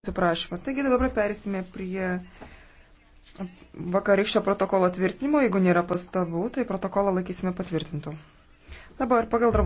Atsiprašymą. Taigi dabar persime prie vakarykščio protokolo tvirtinimo. Jeigu nėra pastabų, tai protokolą laikysime patvirtintų. Dabar pagal